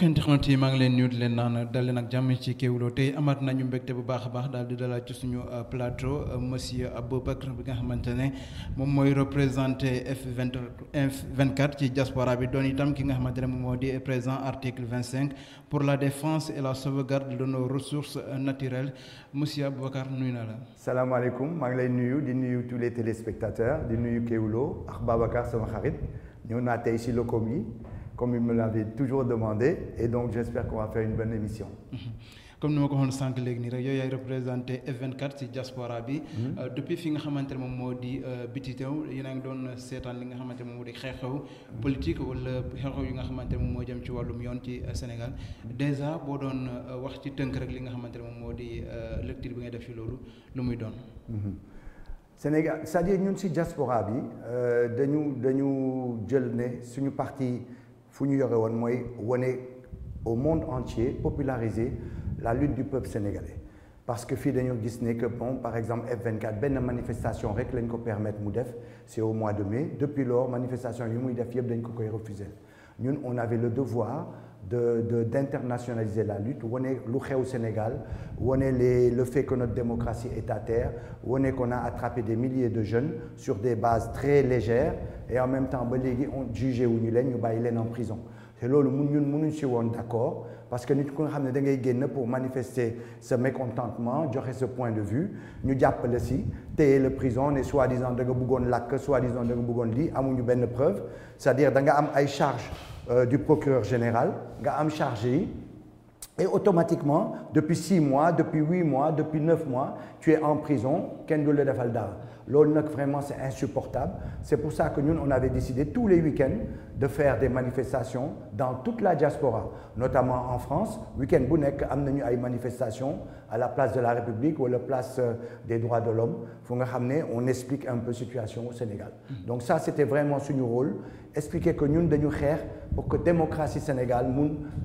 mbokk internet yi maa ngi leen nuyu di leen naan dal leen ak jàmm ci Kéwoulo tey amaat nañu mbégte bu baax a baax daal di dalal ci suñu euh, plateau euh, monsieur Aboubacar bi nga xamante ne moom mooy représenté F24 ci diaspora bi doon itam ki nga xamante ne moom moo di présent article 25 pour la défense et la sauvegarde de nos ressources euh, naturelles monsieur Aboubacar nuyu na la. salaamaaleykum maa ngi lay nuyu di nuyu tous les téléspectateurs di nuyu Kéwoulo ak Babacar sama xarit ñëw naa tey si lokoom yi comme il me l'avait toujours demandé et donc j'espère qu'on va faire une bonne émission. comme nous avons ko waxoon sànq F24 diaspora mm-hmm. euh, depuis que euh, a ngi que nous li nga que nous politique wala yi nga euh, Sénégal déjà wax ci rek li nga lecture bi mm-hmm. Sénégal c'est-à-dire ñun ci diaspora bi dañu dañu parti pour ñu au monde entier populariser la lutte du peuple sénégalais parce que nous dañoo que par exemple F24 la manifestation rek lañ permettre c'est au mois de mai depuis lors manifestation yi muy def on avait le devoir d'internationaliser la lutte. On est au Sénégal, on est le fait que notre démocratie est à terre, on est qu'on a attrapé des milliers de jeunes sur des bases très légères et en même temps, on jugé ou il est en prison. C'est là nous nous sommes d'accord parce que nous avons des pour manifester ce mécontentement, ce point de vue. Nous avons ici, t'es le prison, et soi-disant de la lac, soi-disant de la lit, nous avons une preuve, c'est-à-dire nous avons des charges euh, du procureur général nga chargé et automatiquement depuis six mois depuis huit mois depuis neuf mois tu es en prison qu'est-ce que vraiment c'est insupportable c'est pour ça que nous, on avait décidé tous les week-ends de faire des manifestations dans toute la diaspora notamment en France week-end bu a à une manifestation à la place de la République ou à la place euh, des droits de l'homme faut on explique un peu situation au Sénégal mm. donc ça c'était vraiment nous rôle expliquer que nous devons faire pour que la démocratie Sénégal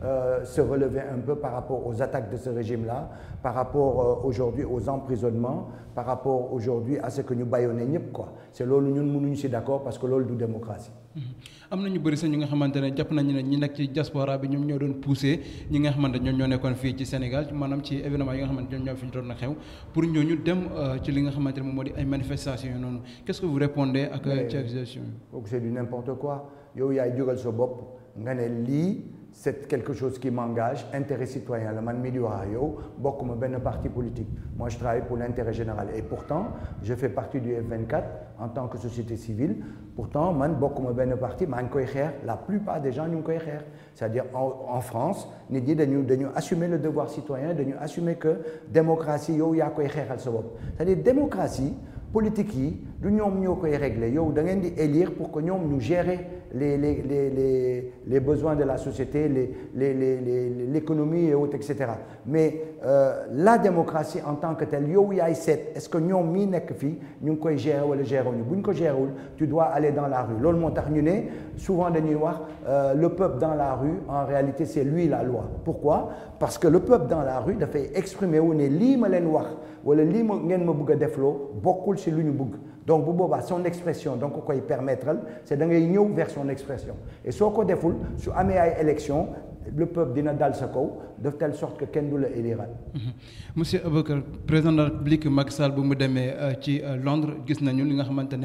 euh, se relever un peu par rapport aux attaques de ce régime-là par rapport euh, aujourd'hui aux emprisonnements par rapport aujourd'hui à ce que nous baillons. quoi c'est là ñun nous sommes d'accord parce que nous du démocratie Mm-hmm. am na ñu bëri sa ñi nga xamante ne jàpp nañu ne ñi nekk ci diaspora bi ñoom ñoo doon poussé ñi nga xamante ñoom ñoo nekkoon fii ci Sénégal maanaam ci événement yi nga xamante ñoom ñoo fi ñu doon xew pour ñooñu dem euh, ci li nga xamante ne moom moo di ay manifestations yi noonu qu'est-ce que vous répondez ak euh, ci accusation yi kooku c'est du n'importe quoi yow yaay jógal sa bopp nga ne lii c'est quelque chose qui m'engage, intérêt citoyen, le man beaucoup parti politique. Moi, je travaille pour l'intérêt général. Et pourtant, je fais partie du F24 en tant que société civile. Pourtant, man beaucoup me un parti, man la plupart des gens C'est-à-dire, en, France, ni de nous, de assumer le devoir citoyen, de nous assumer que démocratie, est y'a cohérère à C'est-à-dire, démocratie, politique, l'union mieux cohérée, yo, nous élire pour que nous gérer les, les, besoins de la société, l'économie et autres, etc. Mais euh, la démocratie en tant que telle, yow est-ce que nous ñu koy gérer gérer tu dois aller dans la rue L'homme montagne, souvent euh, le peuple dans la rue en réalité c'est lui la loi pourquoi parce que le peuple dans la rue fait exprimer ou ne les ma ou wax wala ngeen ma bëgg donc bu son expression donc il permettre c'est d'aller vers son expression et ce ko deful sur amee ay élection le peuple dina Nadal sa kaw de telle sorte que kenn du la mhm. monsieur Abouker, président de la république Macky Sall bu mu demee euh, ci euh, Londres gis nañu li nga xamante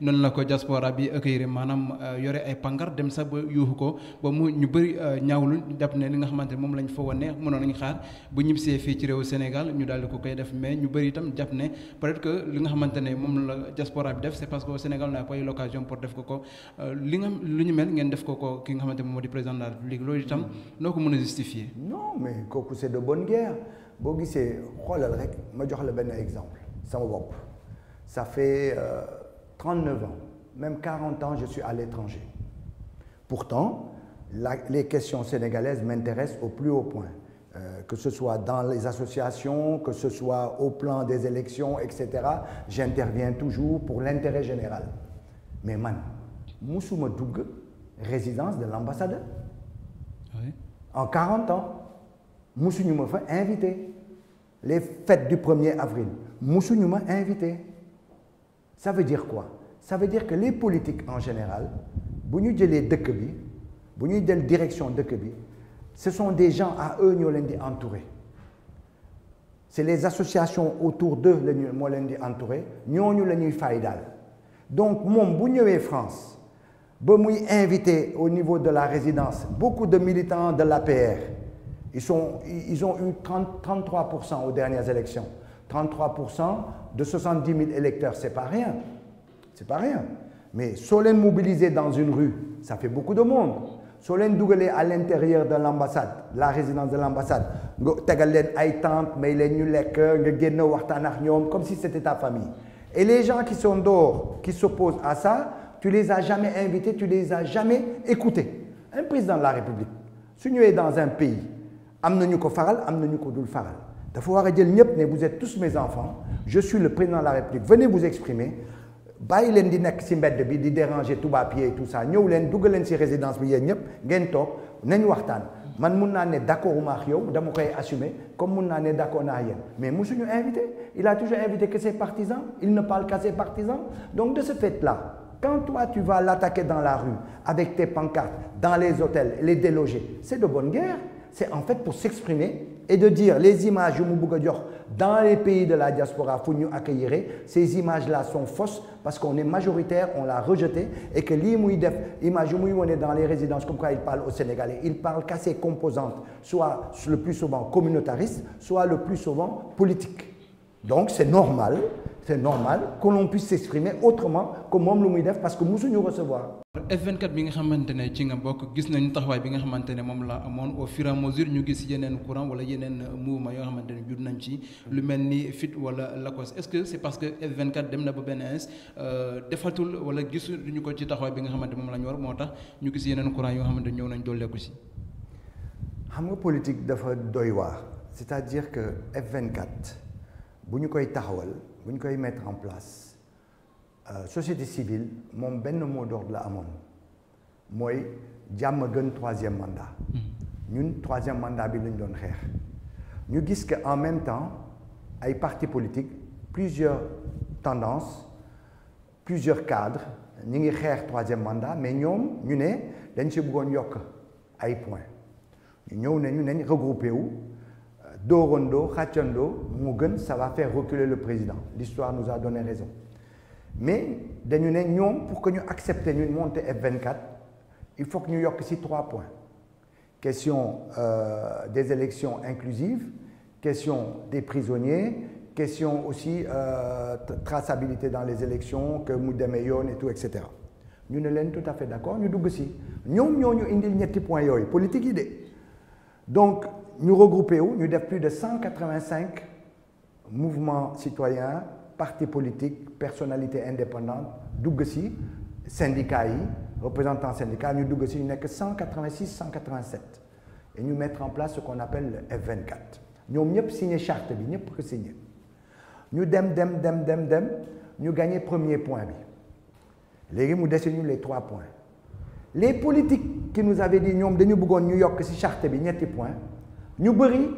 non la ko diaspora bi accueillir manam euh, yore ay pangar dem sax ba yuuxu ko ba mu ñu bari ñaawlu jàpp ne li nga xamante mom lañ fa wane mënoon nañ xaar bu ñibbisee fi ci réew Sénégal ñu daal ko koy def mais ñu bari tam jàpp ne peut-être que li nga xamante mom la diaspora bi def c'est parce que au Sénégal n'a pas eu l'occasion pour def ko ko li nga lu mel ngeen def ko ko ki nga xamante mom di président de la république loolu itam mhm. Non, non mais c'est de bonne guerre Je vais rek ma exemple ça fait 39 euh, ans même 40 ans je suis à l'étranger pourtant les questions sénégalaises m'intéressent au plus haut point euh, que ce soit dans les associations, que ce soit au plan des élections, etc., j'interviens toujours pour l'intérêt général. Mais man, Moussouma résidence de l'ambassadeur. En 40 ans, Moussou invité. Les fêtes du 1er avril, Moussou invité. Ça veut dire quoi Ça veut dire que les politiques en général, si nous la direction de ce sont des gens à eux qui sont entourés. C'est les associations autour d'eux qui sont entourés. Nous, nous sommes Donc, mon, France, Bomoui invité au niveau de la résidence beaucoup de militants de l'APR ils sont ils ont eu 30 33 aux dernières élections 33 de 70 000 électeurs c'est pas rien c'est pas rien mais Solène mobilisé dans une rue ça fait beaucoup de monde Solène, leen à l'intérieur de l'ambassade la résidence de l'ambassade comme si c'était ta famille et les gens qui sont dehors qui s'opposent à ça tu les as jamais invités, tu les as jamais écoutés. Un président de la République, si nous sommes dans un pays, nous ko faral, Il ko dul faral. vous êtes tous mes enfants, je suis le président de la République, venez vous exprimer. bàyyi vous di pas ci mbedd bi di déranger tout et tout ça ñëw leen dugg ci résidence bi yéen ñëpp ngeen toog nañ waxtaan man ne d'accord avec vous, je dama koy assumer comme ne suis d'accord avec vous. mais invité il a toujours invité que ses partisans il ne parle qu'à ses partisans donc de ce fait là quand toi, tu vas l'attaquer dans la rue, avec tes pancartes, dans les hôtels, les déloger, c'est de bonne guerre. C'est en fait pour s'exprimer et de dire les images dans les pays de la diaspora, faut nous Ces images-là sont fausses parce qu'on est majoritaire, on l'a rejeté et que l'image image on est dans les résidences, comme quoi il parle au Sénégalais, il parle qu'à ses composantes, soit le plus souvent communautariste, soit le plus souvent politique. Donc c'est normal c'est normal que l'on puisse s'exprimer autrement que moom lu def parce que mosuñu recevoir. F24 bi nga xamante ne ci nga bokk gis nañu taxawaay bi nga xamante ne la Amone au fur et à mesure ñu gis yeneen courant wala yeneen mouvement yoo xamante ne jur nañ ci lu mel FIT wala LACOS est-ce que c'est parce que F24 dem na ba benn ins euh, defatul wala gisuñu ko ci taxawaay bi nga xamante moom la ñu war moo tax ñu gis yeneen courant yoo xamante ñëw nañ dolleeku si. xam nga politique dafa doy waar c'est-à-dire que F24. Si koy mettre en place euh, société civile moom benn mot d'ordre la amoon mooy jàmm gën troisième mandat hmm. ñun troisième mandat bi lañ doon xeex ñu gis en même temps ay partis politiques plusieurs tendances plusieurs cadres Nous ngi troisième mandat mais nous ñu ne dañ si nous yokk ay points Nous nous ne ñu regroupé wu Dorondo, Khachando, Mugun, ça va faire reculer le président. L'histoire nous a donné raison. Mais pour que nous acceptions de monter F24, il faut que New York ici trois points. Question euh, des élections inclusives, question des prisonniers, question aussi euh, traçabilité dans les élections, que Moudemeyon et tout, etc. Nous ne sommes tout à fait d'accord, nous sommes aussi. Nous avons une points, politique idée donc nous regroupons, nous Nous plus de 185 mouvements citoyens partis politiques personnalités indépendantes Dougsi, syndicats représentants syndicats Nous avons 186 187 et nous mettons en place ce qu'on appelle le F24 Nous mieux signé charte nous avons signé Nous dem dem dem premier point Les léegi mu les trois points les politiques qui nous avaient dit nous dañu besoin ñu yokk ci charte bi ñetti point ñu bëri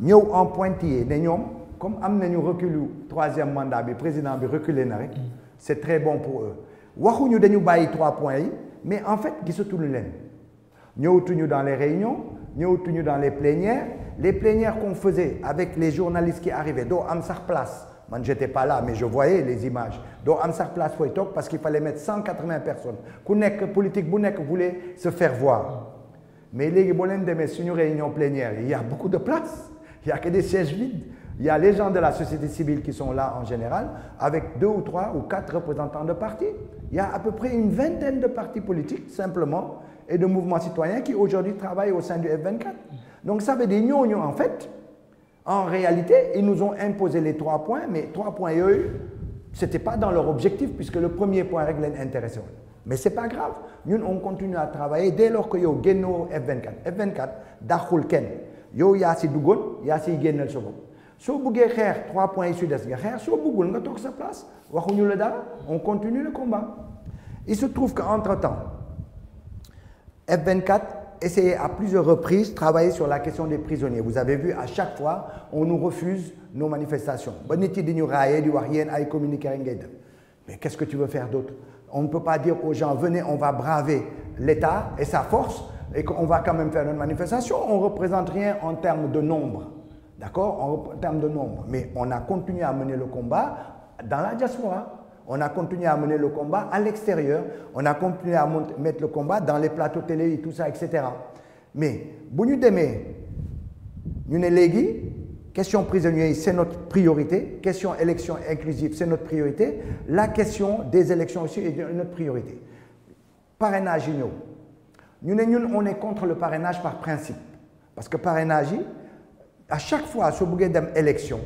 ñëw en pointillé un pointillé, comme avons reculé le troisième mandat bi président bi reculé c'est très bon pour eux ñu dañu bayyi trois points mais en fait gisatuñu leen ñëwatuñu dans les réunions nous ñëwatuñu dans les plénières les plénières qu'on faisait avec les journalistes qui arrivaient do am sax place moi, je n'étais pas là, mais je voyais les images. Donc, Amsar Place Foytok, parce qu'il fallait mettre 180 personnes. Kounek, politique Bounek voulait se faire voir. Mais les mais mes une réunion plénière, il y a beaucoup de places. Il n'y a que des sièges vides. Il y a les gens de la société civile qui sont là en général, avec deux ou trois ou quatre représentants de partis. Il y a à peu près une vingtaine de partis politiques, simplement, et de mouvements citoyens qui aujourd'hui travaillent au sein du F24. Donc ça veut des nous, en fait, en réalité, ils nous ont imposé les trois points, mais trois points eux, ce pas dans leur objectif, puisque le premier point règle l'intérêt. Mais ce n'est pas grave. Nous, on continue à travailler dès lors que yo avons F24. F24, Dakhul Ken. Yo Yassi Dougon, Yassi Genel Sobo. Si vous voulez faire trois points issus de ce guerre, si vous voulez, place, sa place. On continue le combat. Il se trouve qu'entre-temps, F24 essayé à plusieurs reprises de travailler sur la question des prisonniers. Vous avez vu, à chaque fois, on nous refuse nos manifestations. Mais qu'est-ce que tu veux faire d'autre On ne peut pas dire aux gens, venez, on va braver l'État et sa force et qu'on va quand même faire une manifestation. On ne représente rien en termes de nombre. D'accord En termes de nombre. Mais on a continué à mener le combat dans la diaspora. On a continué à mener le combat à l'extérieur, on a continué à mettre le combat dans les plateaux télé tout ça, etc. Mais, bon, nous sommes ñu question prisonniers c'est notre priorité question élection inclusive c'est notre priorité la question des élections aussi est notre priorité parrainage nous. Nous, on est contre le parrainage par principe parce que parrainage à chaque fois sur avez dem élection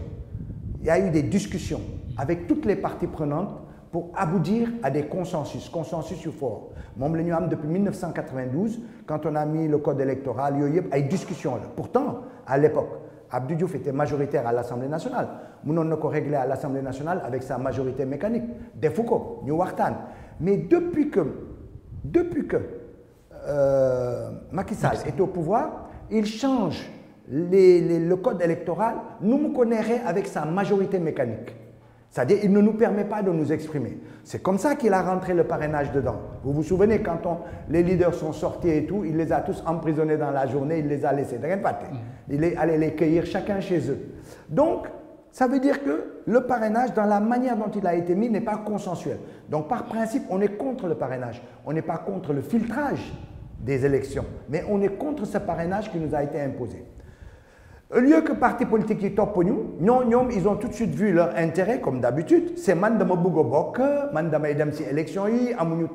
il y a eu des discussions avec toutes les parties prenantes pour aboutir à des consensus consensus sur fort Nous depuis 1992 quand on a mis le code électoral il y a eu discussion pourtant à l'époque Abdou était majoritaire à l'Assemblée nationale Nous avons pas régler à l'Assemblée nationale avec sa majorité mécanique des Foucault, ñu mais depuis que depuis que euh, Macky Sall est au pouvoir il change le code électoral nous nous connaissons avec sa majorité mécanique c'est-à-dire, il ne nous permet pas de nous exprimer. C'est comme ça qu'il a rentré le parrainage dedans. Vous vous souvenez, quand les leaders sont sortis et tout, il les a tous emprisonnés dans la journée, il les a laissés mm. Il est allé les cueillir chacun chez eux. Donc, ça veut dire que le parrainage, dans la manière dont il a été mis, n'est pas consensuel. Donc, par principe, on est contre le parrainage. On n'est pas contre le filtrage des élections, mais on est contre ce parrainage qui nous a été imposé. Au lieu que parti politique est top pour nous, nous ils ont tout de suite vu leur intérêt comme d'habitude c'est man de bëgg bokk man dem élection yi amuñu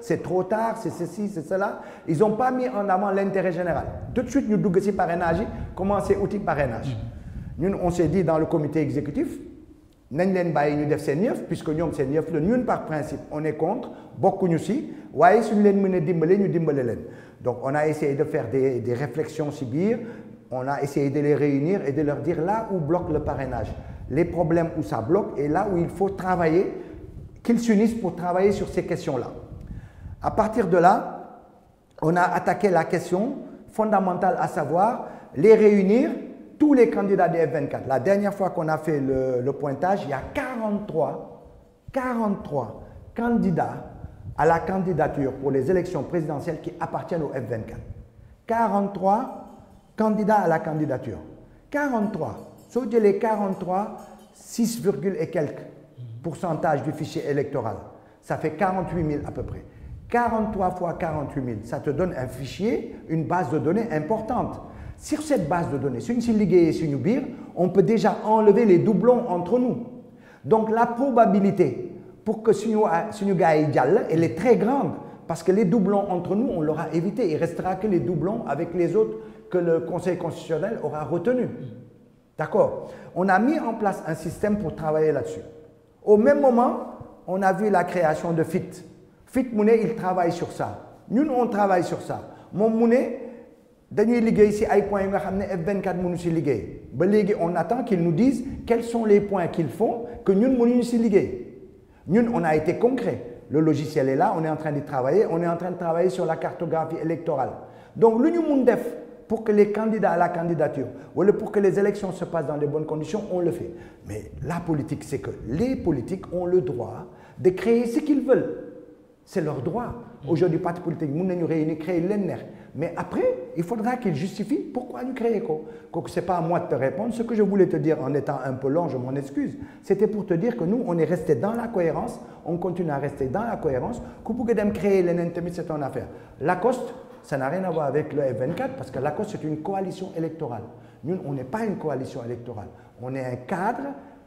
c'est trop tard c'est ceci c'est cela ils n'ont pas mis en avant l'intérêt général tout de suite ñu dugg ci parrainage comment commencé outil parrainage Nous, on s'est dit dans le comité exécutif nous leen bàyyi ñu def puisque nous sommes yëf nous par principe on est contre beaucoup ci waaye suñu nous donc on a essayé de faire des des réflexions ci on a essayé de les réunir et de leur dire là où bloque le parrainage, les problèmes où ça bloque et là où il faut travailler, qu'ils s'unissent pour travailler sur ces questions-là. À partir de là, on a attaqué la question fondamentale, à savoir les réunir, tous les candidats des F24. La dernière fois qu'on a fait le, pointage, il y a 43, 43 candidats à la candidature pour les élections présidentielles qui appartiennent au F24. 43 candidat à la candidature. 43. Sauf les 43, 6, et quelques pourcentage du fichier électoral. Ça fait 48 000 à peu près. 43 fois 48 000, ça te donne un fichier, une base de données importante. Sur cette base de données, sur une Siligé et sur une on peut déjà enlever les doublons entre nous. Donc la probabilité pour que Sunuga et Dial, elle est très grande. Parce que les doublons entre nous, on l'aura évité. Il restera que les doublons avec les autres que le Conseil constitutionnel aura retenu. D'accord On a mis en place un système pour travailler là-dessus. Au même moment, on a vu la création de FIT. FIT Mounet, il travaille sur ça. Nous, on travaille sur ça. Mon Mounet, Daniel Ligue ici F24 nous si on attend qu'ils nous disent quels sont les points qu'ils font que nous, nous si on a été concrets. Le logiciel est là, on est en train de travailler, on est en train de travailler sur la cartographie électorale. Donc, l'Union def pour que les candidats à la candidature, ou pour que les élections se passent dans de bonnes conditions, on le fait. Mais la politique, c'est que les politiques ont le droit de créer ce qu'ils veulent. C'est leur droit. Aujourd'hui, parti politique, nous nous réunir, créer l'ener. Mais après, il faudra qu'ils justifient pourquoi nous créer. Ce n'est pas à moi de te répondre. Ce que je voulais te dire en étant un peu long, je m'en excuse, c'était pour te dire que nous, on est resté dans la cohérence, on continue à rester dans la cohérence. Que pour que créer l'ener, c'est ton affaire. Lacoste, ça n'a rien à voir avec le F24 parce que Lacoste, c'est une coalition électorale. Nous, on n'est pas une coalition électorale. On est un cadre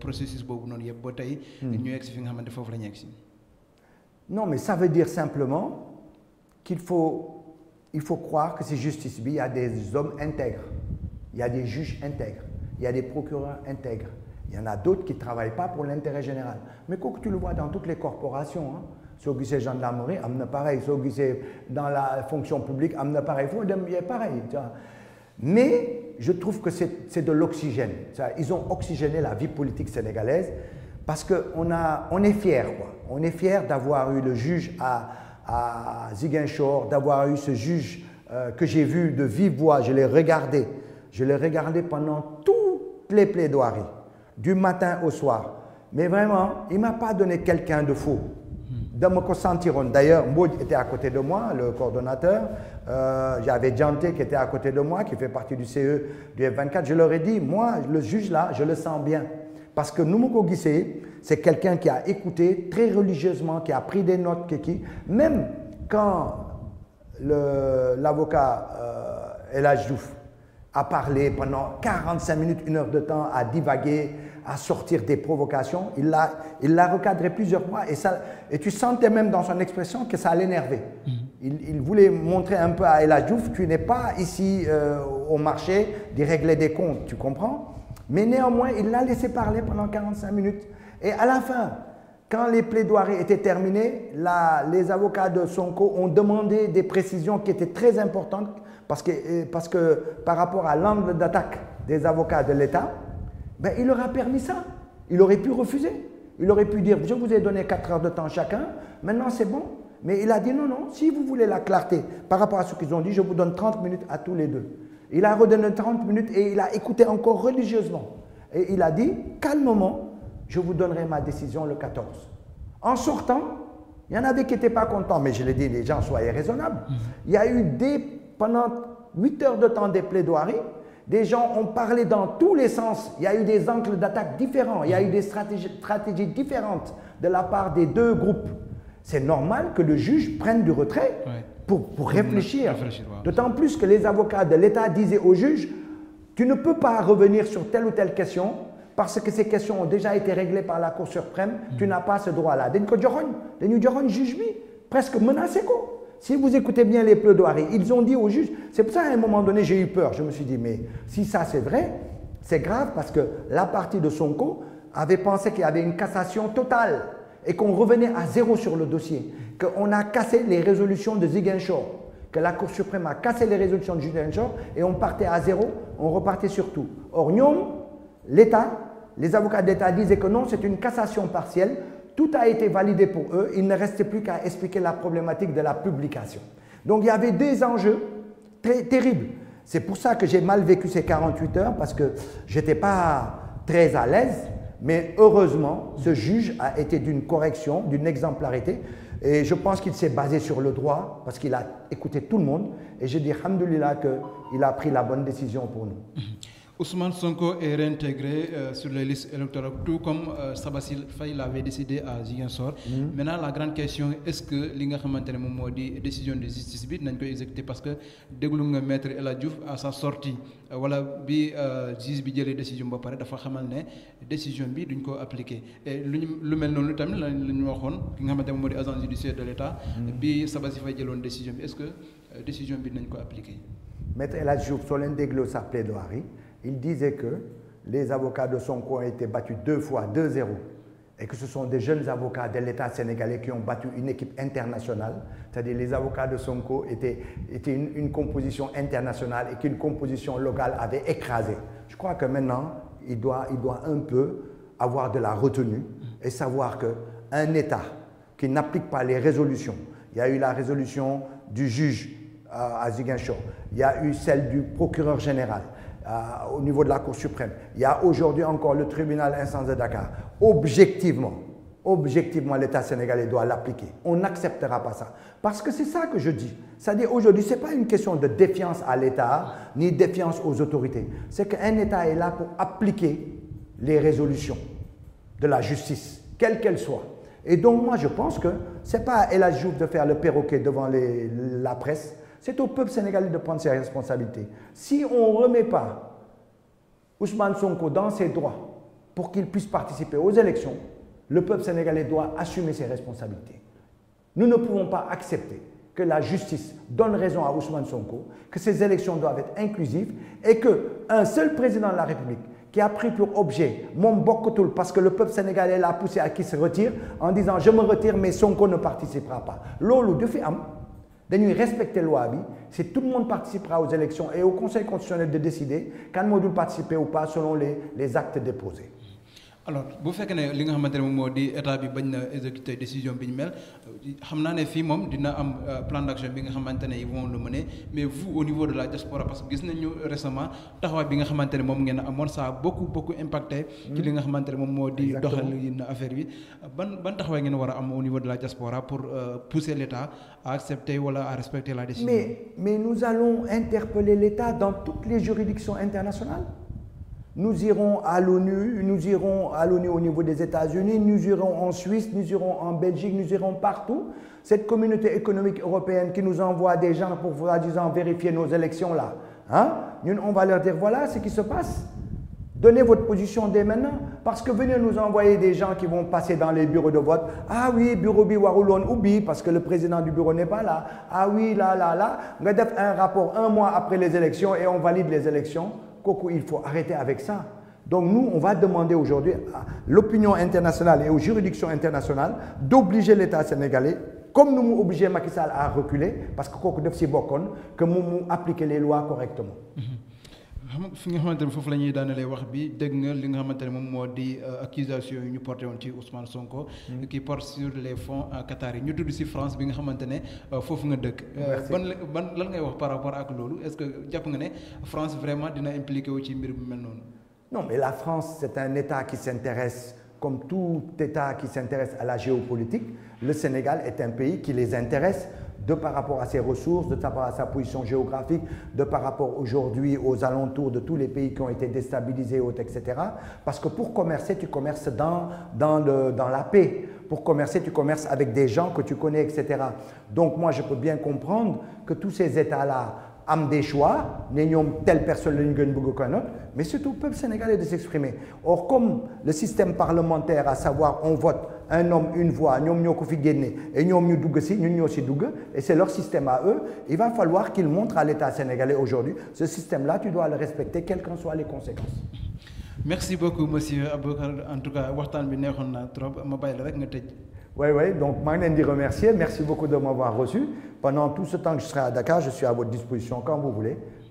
processus hmm. non mais ça veut dire simplement qu'il faut il faut croire que c'est justice Il y a des hommes intègres il y a des juges intègres il y a des procureurs intègres il y en a d'autres qui ne travaillent pas pour l'intérêt général mais que tu le vois dans toutes les corporations ceux qui sont gendarmerie am pareil. pareil qui dans la fonction publique pareil pareil mais je trouve que c'est de l'oxygène. Ils ont oxygéné la vie politique sénégalaise parce qu'on on est fiers. On est fiers d'avoir eu le juge à, à Ziguinchor, d'avoir eu ce juge euh, que j'ai vu de vive voix. Je l'ai regardé. Je l'ai regardé pendant toutes les plaidoiries, du matin au soir. Mais vraiment, il ne m'a pas donné quelqu'un de faux d'ailleurs Maud était à côté de moi le coordonnateur euh, j'avais Janté qui était à côté de moi qui fait partie du CE du F24 je leur ai dit moi le juge là je le sens bien parce que nous Gisei, c'est quelqu'un qui a écouté très religieusement qui a pris des notes qui même quand l'avocat est euh, là jouf à parler pendant 45 minutes, une heure de temps, à divaguer, à sortir des provocations. Il l'a, il l'a recadré plusieurs fois et, ça, et tu sentais même dans son expression que ça l'énervait. Mhm. Il, voulait montrer un peu à El tu n'es pas ici euh, au marché de régler des comptes, tu comprends Mais néanmoins, il l'a laissé parler pendant 45 minutes. Et à la fin, quand les plaidoiries étaient terminées, les avocats de Sonko ont demandé des précisions qui étaient très importantes parce que, euh, parce que par rapport à l'angle d'attaque des avocats de l'État, ben, il leur a permis ça. Il aurait pu refuser. Il aurait pu dire, je vous ai donné 4 heures de temps chacun, maintenant c'est bon. Mais il a dit, non, non, si vous voulez la clarté par rapport à ce qu'ils ont dit, je vous donne 30 minutes à tous les deux. Il a redonné 30 minutes et il a écouté encore religieusement. Et il a dit, calmement, je vous donnerai ma décision le 14. En sortant, il y en avait qui n'étaient pas contents, mais je l'ai dit, les gens, soyez raisonnables. Mmh. Il y a eu des pendant 8 heures de temps des plaidoiries. Des gens ont parlé dans tous les sens. Il y a eu des angles d'attaque différents. Il y a eu des stratégies, différentes de la part des deux groupes. C'est normal que le juge prenne du retrait pour, réfléchir. D'autant plus que les avocats de l'État disaient au juge, tu ne peux pas revenir sur telle ou telle question parce que ces questions ont déjà été réglées par la Cour suprême. Tu mm. n'as pas ce droit-là. denko ko joxoñ, juge oui, presque menacé quoi. Si vous écoutez bien les plaidoiries, ils ont dit au juge, c'est pour ça qu'à un moment donné j'ai eu peur, je me suis dit, mais si ça c'est vrai, c'est grave parce que la partie de son Sonko avait pensé qu'il y avait une cassation totale et qu'on revenait à zéro sur le dossier, qu'on a cassé les résolutions de Ziguinchor, que la Cour suprême a cassé les résolutions de Ziguinchor et on partait à zéro, on repartait sur tout. Or, l'État, les avocats d'État disaient que non, c'est une cassation partielle, tout a été validé pour eux, il ne restait plus qu'à expliquer la problématique de la publication. Donc il y avait des enjeux très terribles. C'est pour ça que j'ai mal vécu ces 48 heures, parce que je n'étais pas très à l'aise, mais heureusement, ce juge a été d'une correction, d'une exemplarité, et je pense qu'il s'est basé sur le droit, parce qu'il a écouté tout le monde, et j'ai dit, Alhamdulillah qu'il a pris la bonne décision pour nous. Mhm. Ousmane Sonko est réintégré euh, sur les listes électorales, tout comme euh, Sabassil Faye l'avait décidé à Ziguinchor. Mm-hmm. Maintenant, la grande question est-ce que li nga xamante ne moom décision de justice bi n'est pas exécuter parce que déglu que maître El à sa sortie Voilà, euh, bi euh, juge bi décision ba pare dafa xamal ne décision bi duñ ko appliquée. et lu ñu lu mel noonu tamit la ñu waxoon ki nga xamante ne moom judiciaire de l'État. Mm-hmm. bi Faye décision bi est-ce que décision bi nañ ko appliquer. maître El Hadj Diouf soo leen dégloo sa plaidoirie il disait que les avocats de Sonko ont été battus deux fois, deux 0 et que ce sont des jeunes avocats de l'État sénégalais qui ont battu une équipe internationale, c'est-à-dire les avocats de Sonko étaient, étaient une, composition internationale et qu'une composition locale avait écrasé. Je crois que maintenant, il doit, un peu avoir de la retenue et savoir qu'un État qui n'applique pas les résolutions, il y a eu la résolution du juge euh, à il y a eu celle du procureur général, euh, au niveau de la Cour suprême. Il y a aujourd'hui encore le tribunal instance de Dakar. Objectivement, objectivement, l'État sénégalais doit l'appliquer. On n'acceptera pas ça. Parce que c'est ça que je dis. C'est-à-dire aujourd'hui, ce n'est pas une question de défiance à l'État, ni défiance aux autorités. C'est qu'un État est là pour appliquer les résolutions de la justice, quelles qu'elles soient. Et donc moi, je pense que ce n'est pas à El Ajouf de faire le perroquet devant les, la presse c'est au peuple sénégalais de prendre ses responsabilités. Si on ne remet pas Ousmane Sonko dans ses droits pour qu'il puisse participer aux élections, le peuple sénégalais doit assumer ses responsabilités. Nous ne pouvons pas accepter que la justice donne raison à Ousmane Sonko, que ces élections doivent être inclusives et qu'un seul président de la République qui a pris pour objet mon parce que le peuple sénégalais l'a poussé à qui se retire en disant je me retire mais Sonko ne participera pas. Lolo de fait, nuit respecter loi si tout le monde participera aux élections et au conseil constitutionnel de décider qu'un module participer ou pas selon les actes déposés alors bu fekkee ne li nga xamante ne moom moo di état bi bañ na exécuter décision bi ñu mel euh, xam naa ne fii dina am euh, plan d'action action bi nga xamante ne vont le mener mais vous au niveau de la diaspora parce que gis nañu récemment taxawaay bi nga xamante ne moom ngeen ça a beaucoup beaucoup impacté. ci li nga xamante ne moom moo di. doxal affaire bi ban ban taxawaay am au niveau de la diaspora pour euh, pousser l'État à accepter wala à respecter la décision. mais mais nous allons interpeller l'État dans toutes les juridictions internationales. Nous irons à l'ONU, nous irons à l'ONU au niveau des États-Unis, nous irons en Suisse, nous irons en Belgique, nous irons partout. Cette communauté économique européenne qui nous envoie des gens pour, disant, vérifier nos élections là. Hein? on va leur dire, voilà ce qui se passe. Donnez votre position dès maintenant, parce que venez nous envoyer des gens qui vont passer dans les bureaux de vote. Ah oui, bureau Biwaroulon oubi, parce que le président du bureau n'est pas là. Ah oui, là, là, là. On va un rapport un mois après les élections et on valide les élections il faut arrêter avec ça. Donc nous, on va demander aujourd'hui à l'opinion internationale et aux juridictions internationales d'obliger l'État sénégalais, comme nous obligé Macky Sall à reculer, parce que nous devons que nous appliquer les lois correctement. Mm-hmm xam fi nga xamante ne foofu la ñuy daanelee wax bi dégg nga li nga xamante ne moom euh, accusation ñu porté woon ci Ousmane Sonko. Mm. qui porte sur les fonds Qatar yi ñu tudd si France bi nga xamante ne euh, foofu nga dëkk. Euh, ban ban lan ngay wax par rapport ak loolu est-ce que jàpp nga ne France vraiment dina impliqué wu ci mbir bu mel noonu. non mais la France c'est un État qui s'intéresse comme tout État qui s'intéresse à la géopolitique le Sénégal est un pays qui les intéresse de par rapport à ses ressources, de par rapport à sa position géographique, de par rapport aujourd'hui aux alentours de tous les pays qui ont été déstabilisés, etc. Parce que pour commercer, tu commerces dans, dans, le, dans la paix. Pour commercer, tu commerces avec des gens que tu connais, etc. Donc moi, je peux bien comprendre que tous ces États-là, ont des choix, n'ayons telle personne le mais c'est peuple sénégalais de s'exprimer. Or, comme le système parlementaire, à savoir on vote un homme, une voix, et et c'est leur système à eux il va falloir qu'ils montrent à l'État sénégalais aujourd'hui ce système-là tu dois le respecter quelles qu'en soient les conséquences merci beaucoup monsieur Aboukar. en tout cas je bi Oui, oui, donc je remercier. Merci beaucoup de m'avoir reçu. Pendant tout ce temps que je serai à Dakar, je suis à votre disposition quand vous voulez.